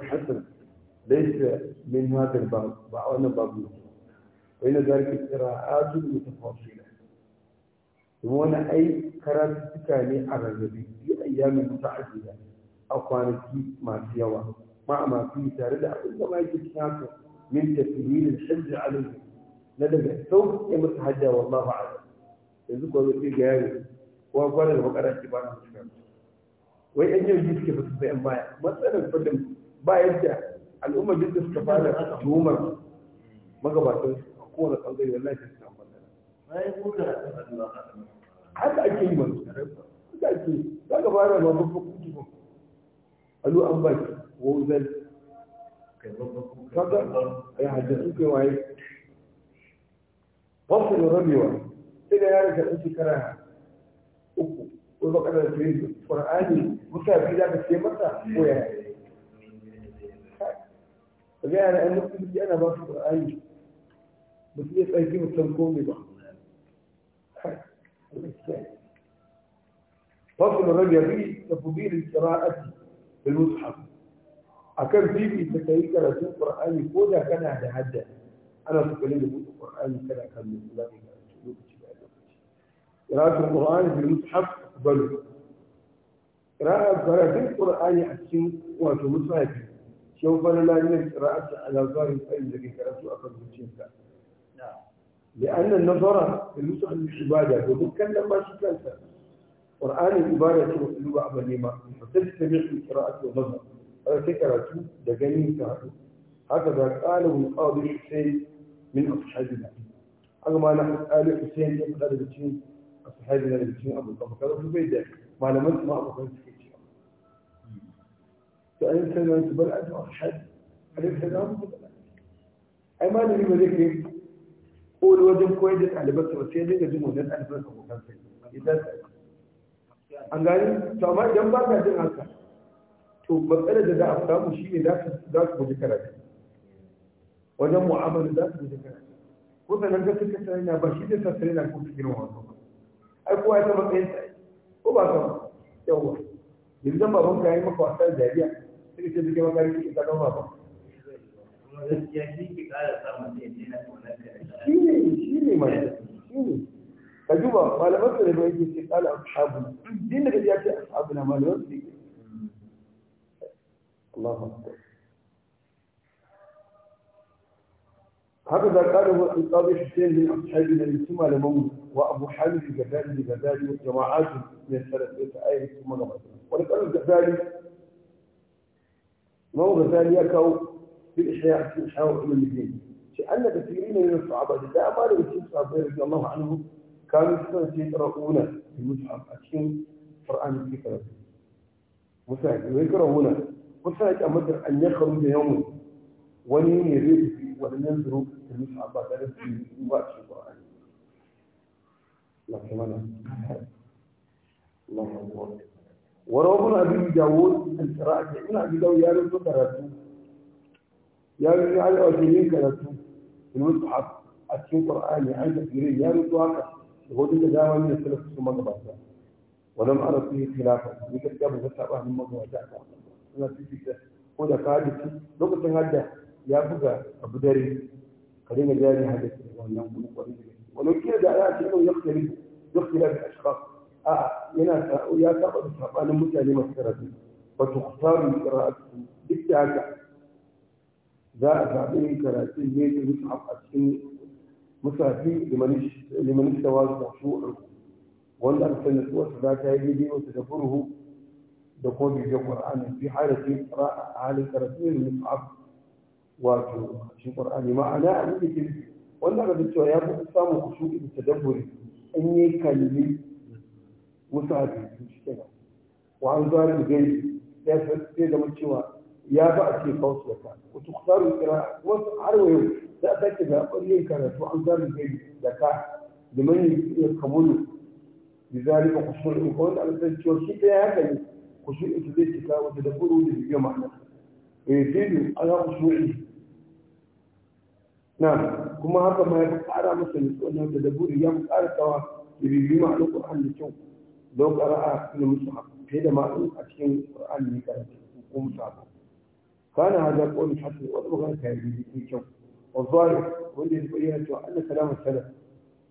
حتى ليس من هذا الباب بعون بابلوس وإن ذلك إراءات متفاصلة وانا أي كرات تكاني على النبي في أيام متعددة أو كانت ما سيوا مع ما فيه تارد أقول ما يتشناك من تفهيل الحج عليه ندبه ثم يمتحدى والله أعلم yanzu ko zai ga yaro ko gwanar bakara ce ba na mutum wai yan yau suke fito sai yan baya matsalar fadin ba yadda al'ummar duk da suka fara tuhumar magabatan su a kowane ɓangare wallahi sai su samu matsala haka ake yi manzo haka ake yi za ka fara ma babban kuki ba alu an ba ki wozan kaga ai hajjatu kai waye fasalin rabewa إلى ذلك أنت كراها أكو القرآن متى في ذلك الشيء متى وياه فقال أنا أنا أنا بقى في القرآن بس ليس أيدي متنقومي بقى فصل الرجل يبي تفضيل القراءة في المصحف أكل في في تكيك رسول القرآن كودا كان هذا أنا تكلم بقول القرآن كذا كان من قراءة القرآن في المصحف بل قراءة قراءة القرآن أحسن وأنتم مصحف شوف أنا لا يمكن قراءة على ظاهر الألم الذي قرأته أقل من شيء نعم. لأن النظرة في المصحف العبادة ومتكلم ما شكلتها قرآن العبادة اللغة عملية فتجتمع القراءة والنظر هذا فكرة دقني تعرف هكذا قاله القاضي حسين من أصحابنا الحديث أما أنا أسأل حسين يقدر بشيء أصحابي اللي بيجيني أبو الطبقة كذا في البيت ده يعني. ما لمنت ما أبغى أنت كذي شيء فأنت كذا أنت بلعت أحد على السلام أما اللي بيملك هو الوزن كويس على بس وسيلة كذي مو جد على بس أبو كان في إذا أنقالي سامع جنبا كذي ناسا تو مسألة جد أفهم وشيء ذاك ذاك بذكرك وجمع عمل ذاك بذكرك وإذا نجت كسرنا بشيء كسرنا كنت كنوع ai kowa ya matsayin sa ko ba san yawa yanzu dan baban ka yi maka wasa da dariya sai ce duke maka riki ka dan baban shi ne mai shi ka duba malaman su da bai ce kala ashabu din da ya ce ashabu na malaman su Allahu akbar هكذا قاله القاضي حسين من أصحاب النبي ثم لموت وأبو حامد الجبالي الجبالي وجماعات من الثلاثة آية ثم جماعات ولكن الجبالي ما الجبالي يكو في الإحياء في الإحياء وعلم المدينة لأن كثيرين من الصحابة لا أمال بسيط صحابة رضي الله عنهم كانوا يقرؤون في المصحف أكشن قرآن الكتاب مساعد ويكرهون مساعد أمدر أن يخرج يوم ولن يريد ولن ينظروا في المصحف بعد ذلك في القرآن الله أكبر أبي داود أن قراءة ابن أبي داود يا رب كرته يا رب على أوجهين كرته في المصحف أتين قرآن عند كبير يا رب واقع هو ده تداوى من السلف ثم قبضه ولم أرى فيه خلافا يقول قبل فتح أهل الموضوع جاء أنا في فكرة هو ده قاعد لو كنت هذا يا بقى أبو داري خلينا جاري هذا ولو كده ده أنا يختلف دخل بأشخاص إناث هؤلاء تأخذ الشيطان متى لمسكرة وتختار من مسكرة بالتاجع ذا أفعبين كراسين ميت المسعب أسين مسافي لمن استوى المحشوع ولا أرسل نسوى سباك هايدي وتدفره دقوبي في القرآن في حالة إقراء أهل كراسين المسعب وارجو القرآن معنا أمني كنت ولا أرسل نسوى يابو أسامو خشوعي بالتدبر in yi kalli wasu hadisi shi kenan wa an zuwa da gari ya sai zama cewa ya ba a ce kawsu da ka wasu kusurarun kira wasu har wa yau za a sake zaɓar yin karatu an zuwa da gari da ka da mani ya kamulu da zalika kusur in kawai da alisar cewa shi ɗaya ya kalli kusur ita zai cika wata da kuro da biyu ma'ana. Eh, zai biyu ana kusurin na kuma haka ma ya ƙara masa nutsuwan da daburi ya ƙara tsawa da bibiyu ma da kyau don ƙara'a na musu fiye da ma'an a cikin ƙur'ani ne karanta ko musu haka kana hada ƙoli hasan wata magana ta yi biyu kyau والظاهر wanda ya bayyana cewa Allah salamu salaf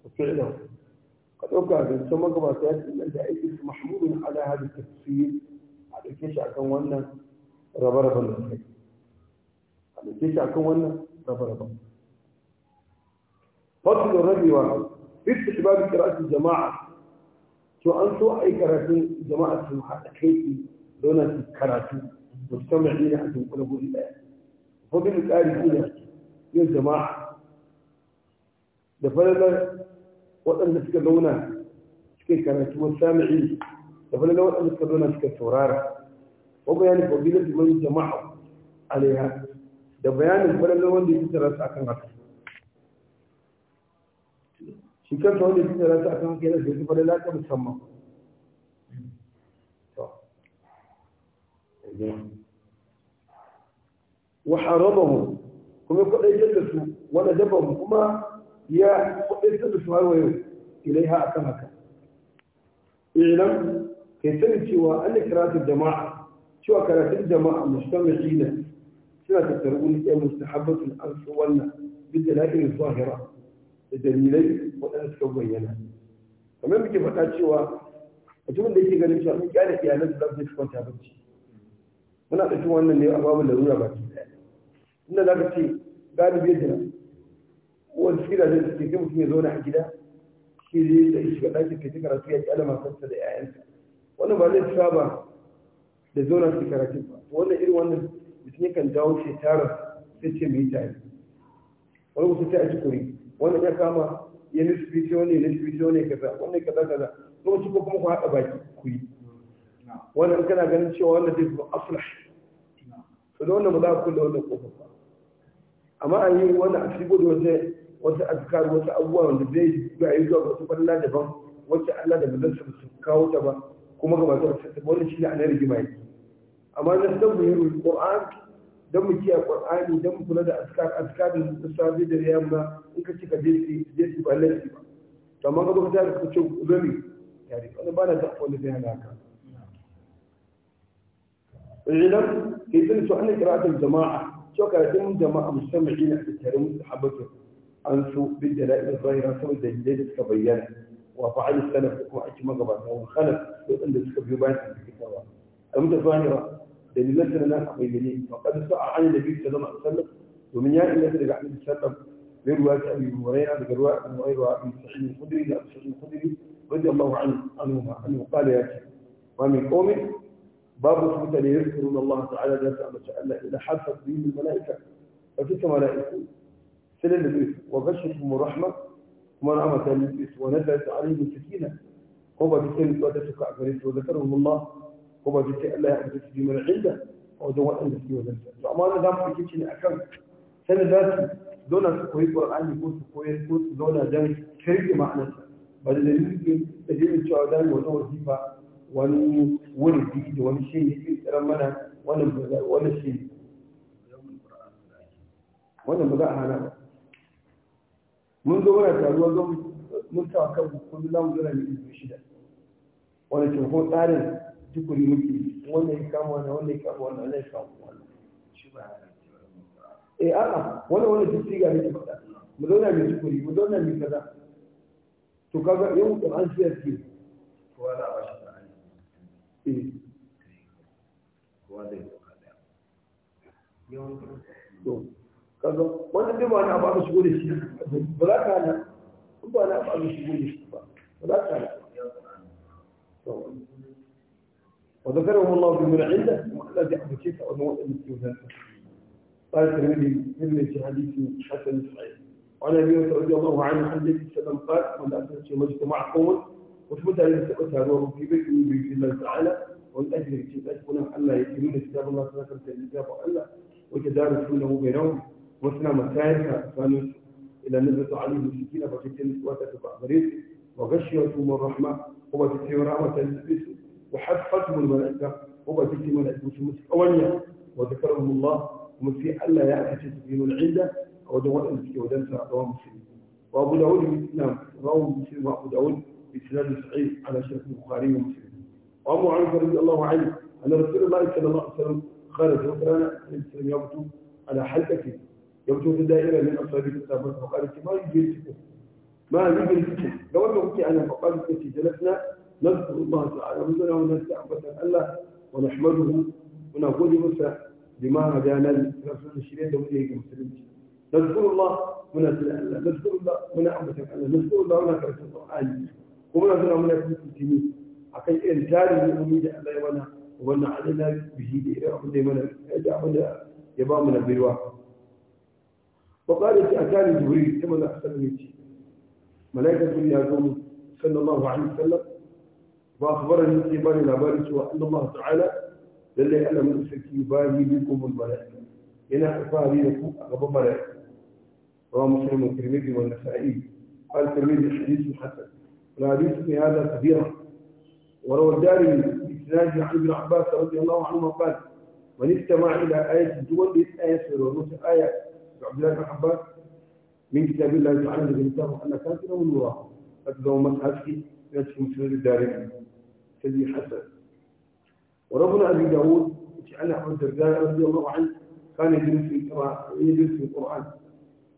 wa fi'lahu ka dauka da san magabata ya tsinda da aiki su mahmudun ala hada tafsir a dauke shi akan wannan rabe-raben da kai a dauke shi akan wannan rabe-raben فصل الرجل واحد في استحباب قراءة الجماعة شو أنتو أي قراءة جماعة في محاكيتي دون كراتين لنا أنتم كل أبو الله فضل هنا يا جماعة دفلنا وأن نتكلونا شكي كانت والسامعين دفلنا وأن نتكلونا شكي سورارة وبيان فضيلة من جماعة عليها دبيان الفلل وندي ترى ساكن غفل shekar ta wanda suka rasa akan kira da su fara laka musamman wa haramahu kuma kwadaitar da su wanda daban kuma ya kwadaitar da su har wayo ilaiha akan haka ilam kai sani cewa an karatun jama'a cewa karatun jama'a mustamihina suna tattaru wani ɗaya mustahabbatun an su wannan bidda la'irin zahira da dalilai waɗanda suka bayyana kamar muke faɗa cewa mutumin da yake ganin cewa mun kyale iyalan da za su kwanta bacci muna ɗauki wannan ne a babu larura ba ke ɗaya inda za ka ce galibi yadda wani suke da zai suke kai mutum ya zauna a gida shi zai da shiga ɗakin kai ta karatu ya kyale matarsa da 'ya'yansa wannan ba zai ba da zauna su karatu ba wannan irin wannan mutum yakan jawo tara sai ce mai tare wani mutum sai a ci kuri wanda ya kama ya nufi wani ne nufi fito ne kaza ya kaza kaza lokaci ko kuma ku haɗa baki ku yi wannan kana ganin cewa wannan zai zama aflah to da wannan ba za ku kula wannan kofar ba amma an yi wannan a cikin gudu wata wata azkar wata abubuwa wanda zai yi ga yi zuwa wasu balla daban wacce Allah da bazan su kawo ta ba kuma ga masu wasu wannan shi ne a nan rigima yake amma na sabu yi an. don mu kiyaye qur'ani don mu kula da askar askarin sabi da yamma in ka cika jeji jeji ba laifi ba to amma ka zo ka tare ka ce zami yare wannan ba na da akwai da yana haka idan idan to an qira'atul jama'a to karatun jama'a mustami'ina da tare musahabatu an su bin dalail zahira saboda dalilai da suka bayyana wa fa'al salaf kuma ake magabata wa khalaf da suka biyo bayan da suka kawo amma da zahira dalilan da na a bayyane wa kan sa a hanyar nabi sallallahu alaihi wasallam domin ya inganta daga من رواية أبي هريرة بجرواء بن أبي هريرة أبي سعيد الخدري لأبي سعيد الخدري رضي الله عنه عنهما أنه قال يا ومن قوم باب ثبت أن يذكرون الله تعالى ذات أما شاء الله إذا حفت بهم الملائكة فتلك ملائكة سل النبي وبشرهم الرحمة ونعمة النبي ونزلت عليهم السكينة قوة بسنة وتسكع فريس وذكرهم الله Ko ba zai Allah ya amsa su bi mana inda a wajen waɗanda su yi wajen to amma wannan za mu fi ne akan sanin za su zauna su koyi Qur'ani ko su koyi ko su zauna don kirki ma'anarsa ba da dalilin da dalilin cewa za mu wajen wajiba wani wurdi da wani shi ne ke tsiran mana wani shi wannan ba za a hana ba mun zo mana taruwa zo mun tawa kan kullum za mu zo na mai shida wani cikin tsarin tukuri wuce wanda ya kama wannan wanda ya kama wannan wanda ya kama wannan shi ba eh a'a wannan wannan duk siga ne faɗa mu zauna mai tukuri mu zauna mai kaza to kaga yau da an siya ce ko ana ba shi ta'ani eh ko da yau to kaga wannan dai ba na ba mu shigo da shi ba za ka na ba na ba mu shigo da shi ba ba za ka na to وذكرهم الله بمن عنده ولا يأخذ كيف أنه المسلمين قال الترمذي من في حسن صحيح وعن ابي هريره رضي الله عنه عن النبي صلى الله عليه وسلم قال من اسس يوم اجتماع قوم وثبت عليه سقطها نور في بيت من بيت الله تعالى ومن اجل يتمسكون الا يتمون كتاب الله صلى الله عليه وسلم كتاب الله ويتدارسونه بينهم واثنى مسائلها كانوا الى نزلت عليهم السكينه فجدت نسوه وغشيته من الرحمه وما تتهم رحمه تلبسهم وحفظهم الملائكة وبتيت ملائكة مسلمة أولية وذكرهم الله ومن في ألا يأتي تسليم العدة ودواء ودنسى رواه مسلم وأبو داود نعم رواه مسلم وأبو داود بإسلام سعيد على شرف البخاري ومسلم وأبو عنه رضي الله عنه أن رسول الله صلى الله عليه وسلم خرج وكان الإسلام يبدو على حلقته يبدو في دائرة من أصحاب الكتاب وقال ما يجري ما يجري لو أنه أنا فقال جلسنا نذكر الله تعالى ربنا ونستعبد الله ونحمده ونقول موسى بما هدانا رسول الشريعة وليه المسلمين نذكر الله ونسأل الله نذكر الله ونعبد الله نذكر الله ونكرة ونذكر ومن أثناء من أكون الله أكي إنتار الأميد الله وانا وانا علينا بجيد إلى أخذ من الله يبامنا بالواقع وقالت أتاني جبريل كما لا أحسن ملائكة الله صلى الله عليه وسلم فأخبرني سيبان الأباري سوى أن الله تعالى للي أنا من سكيباني بكم الملائكة أخفى لي لكم أغبى ملائكة رواه مسلم والترمذي والنسائي قال الترمذي حديث حسن الحديث في هذا كبيرة وروى الداري بإسناده عن ابن عباس رضي الله عنه قال من استمع إلى آية تولد آية ونص آية عبد الله بن عباس من كتاب الله تعالى الذي نتابع أن كاتبه من الله أتدعو مسعد في نفس مسجد الدارمي تبي حسن وربنا أبي داود جعل عبد الدرداء رضي الله عنه كان يدرس في يدرس في القرآن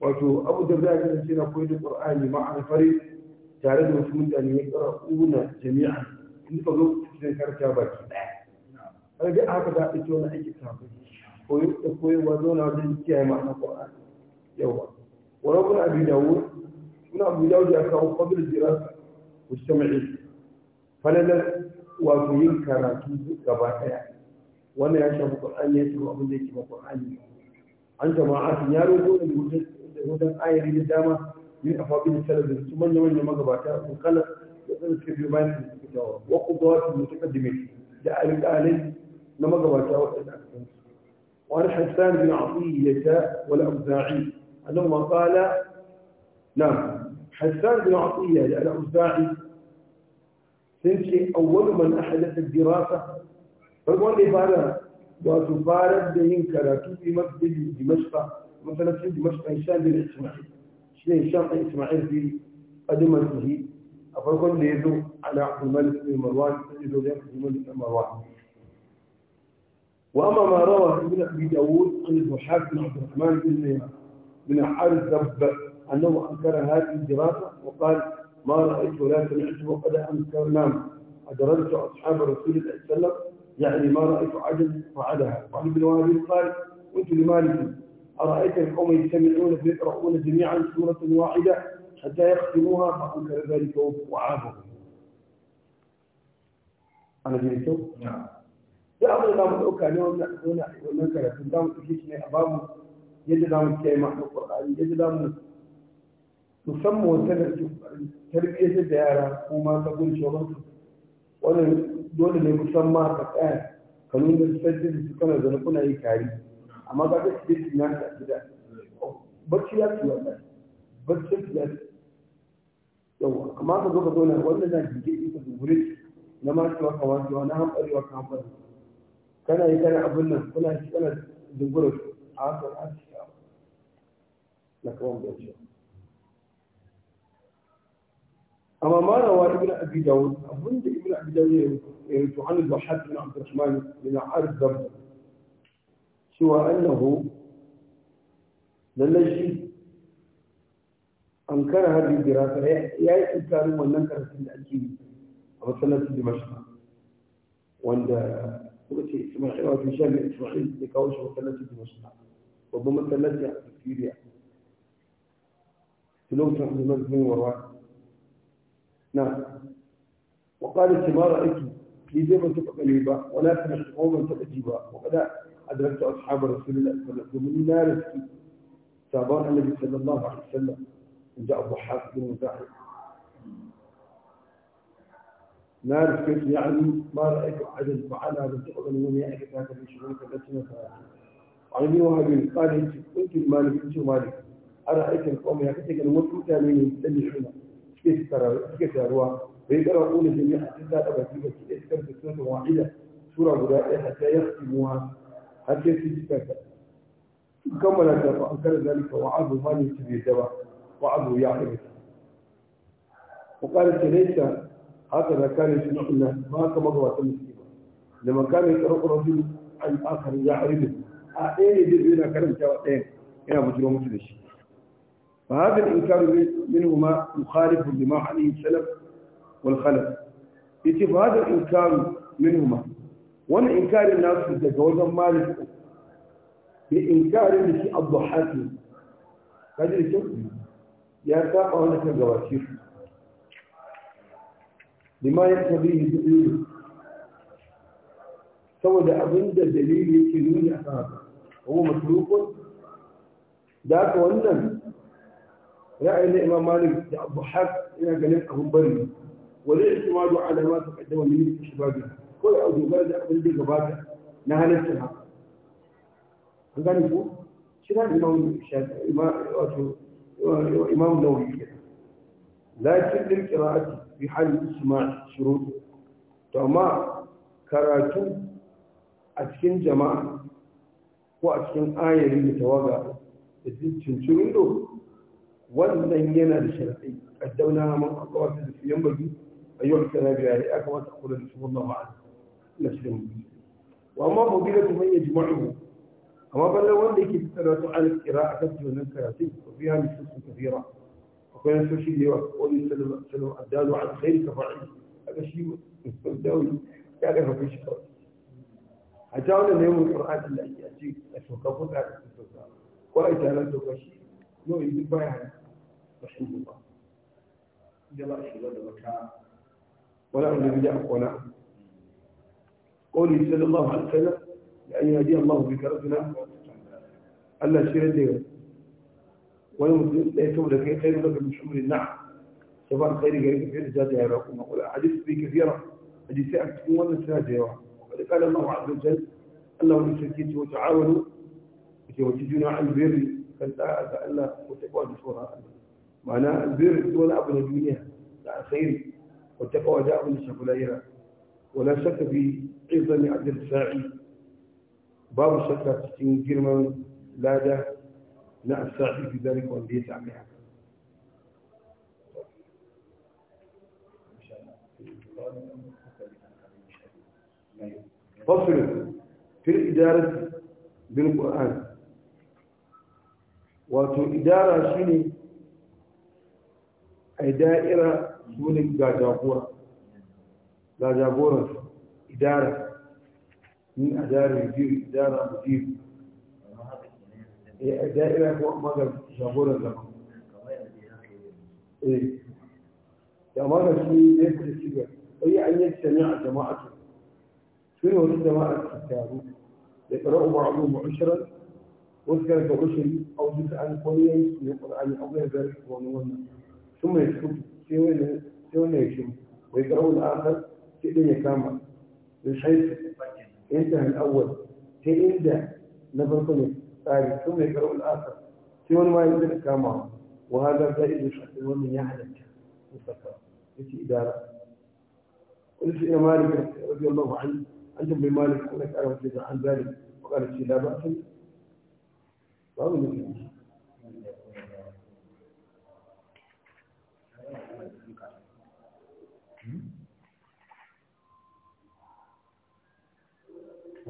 وتو أبو الدرداء كان يصير في القرآن مع الفريق تعرض المفروض أن يقرؤون جميعا إن فضلوا تذكر كابك هذا هكذا يتولى أي كتاب koyi wazo na wajen kiyaye ma'ana ƙwa'an yawa wani abin abu dawo suna abu dawo da aka kawo kwabil wato yin karatu gaba daya wannan ya shafi qur'ani ya shafi abin da yake ba qur'ani an jama'atun ya rubo da wajen ayari da dama min afabil salafin su manya manya magabata sun kala da sun suka biyo bayan su suka jawo wa qudawat mutaqaddimin da alqalin na magabata waɗanda aka san su وعن حسان بن عطية والأوزاعي أنهما قال نعم حسان بن عطية الأوزاعي سنتي أول من أحدث الدراسة فقال لي فانا وتفارد بهم كراتو بمسجد دمشق مثلا في دمشق إنسان بن إسماعيل شنو إنسان بن إسماعيل في قدمته أفرقون ليدو على عبد الملك بن مروان تجدوا لي عبد الملك بن مروان وأما ما روى ابن أبي داود عن الضحاك بن عبد الرحمن بن بن حارث أنه أنكر هذه الدراسة وقال ما رأيت ولا سمعت وقد نام أدرجت أصحاب رسول الله صلى الله عليه وسلم يعني ما رأيت عجل فعلها وعن ابن وهب قال قلت لمالك أرأيت القوم يجتمعون فيقرؤون جميعا سورة واحدة حتى يختموها فأنكر ذلك وعابه أنا جئت نعم da abin da mu ɗauka ne wannan karatun da mu ɗauke ne a babu yadda za mu kiyaye ma'anar Qur'ani yadda mu musamman wata da tarbiyyar da yara ko ma ta gun shawarsu wannan dole ne musamman ka tsaya ka nuna da su kana zana kuna yi tare amma ba ga su dai tunan ka gida bacci ya ci wata bacci ya ci yawa amma ka zo ka zauna wannan na jirgin ka zungure na ma waka ka wancewa na hamɓarewa ka hamɓare kana yi kana abin nan kuna shi kana zungure a haka a cikin na kawai bacci amma ma na wa ibn abi abun da ibn abi dawud ya yi to an da hadd ibn abd rahman ila arzab cewa annahu lalle shi an kara hadin dirasa ya yi tsarin wannan karatun da ake yi a masallaci da mashina wanda kuma ce ismail wato shan da ismail ya kawo shi masallaci da mashina babban masallaci a syria lokacin da zai zama zuwa نعم وقال ما رأيت لي دائما تبقى سبق لي با ولكن قوما تأجيبا وقد أدركت أصحاب رسول الله صلى الله عليه وسلم من نار سابان النبي صلى الله عليه وسلم إن جاء الضحاك بن مزاحم نار كيف يعني ما رأيت أحدا فعل هذا الشغل من يعرف هذا في شغلك التي عن ابن وهب قال كنت المالك انت مالك أرأيت القوم يا كتك المسلم كانوا يستمعون suke taruwa bai kara kuna jami'a a cikin zaɗa baki ba ki iskar da sun wa'ida sura guda ɗaya hatta ya yi muwa har sai su ji kanka kammala ta fa an kara zalika wa'azu ma ne ki bai daba wa'azu ya haɗa وقال ليس هكذا كان يجمع الناس ما كما هو تمسكين لما كان a ɗaya da shi. فهذا الإنكار منهما مخالف لما عليه السلف والخلف يتف هذا الإنكار منهما وأن إنكار الناس تتجوز مالك بإنكار لشيء الضحاك هذا الشيء يا ساقة هناك جواشير لما يقتضيه دليل سوى ده دليل يكي نوني هو مخلوق ذاك وأنه ra'ayin na imam malik da abu har ina ganin abun bari wani ihtimadu ala ma ta kaddama min ishbabi ko da abu bar da abin da gabata na halaccin haka an gane ko shi na imam wato imam nawawi lakin din qira'ati fi hali isma' shiru? to amma karatu a cikin jama'a ko a cikin ayarin da tawaga da cincin rindo wannan yana da sharaɗi kaddauna man aqwa fi fi yanbaghi ayyul sanabi ali akwa taqulu sallallahu alaihi wasallam wa amma fadilatu man yajma'uhu amma ballan wanda yake tattara su al qira'a ta wannan karatu ko fiha nusus kathira akwai nusus da yawa ko ni sallallahu alaihi wasallam addalu al khair ka fa'il haka shi dawi ya da fafi shi kawai a ta wannan ne mun qira'at da ake a ce a shoka fuka da ko a tarar da shi yau yanzu baya ولا أن يبدأ أقوانا قولي صلى الله عليه وسلم لأن يهدي الله بك ربنا ألا سير الدين ولم يتوب لك خير لك من شمول النعم سواء خير غير في الزاد يا ربكم أقول أحاديث به كثيرة حديث أكتبه ولا سنة يا وقد قال الله عز وجل أنه المشركين وتعاونوا يتوجدون عن بيري فالتعالى فألا وتقوى بصورة الله معناها البير الدول أبن الدنيا الأخير واتقوا أداء من شكلائرة ولا شك في عظم عبد الساعي باب الشكلة في جرمان لا دا لا الساعي في ذلك وان ليس عمها فصل في الإدارة بالقرآن وتو إدارة شنو a da'ira su ne ga jagora ga jagoran idara ni a dara mujiru idara mujiru eh, a da'ira ko amma ga jagoran zama eh. da ma da shi ne da shi ga sai an yi sami'a jama'atu shi ne wani jama'a ta taru da qara'u ba'dhu mu'ashara wasu kan ka a aw duka an koyi ne qur'ani abu ya zalika wannan ثم يشوف في وين يشوف ويقرأه الآخر في تئذن يكامل بحيث انتهى الأول تئذن نظر طيب ثم يقرأه الآخر في وين ما يقدر يكامل وهذا زائد يشحط الوم من يحلك مفكرة في إدارة قلت يا مالك رضي الله عنه أنتم بمالك أنك أنا وجدت عن ذلك وقال الشيء لا بأس بعض المسلمين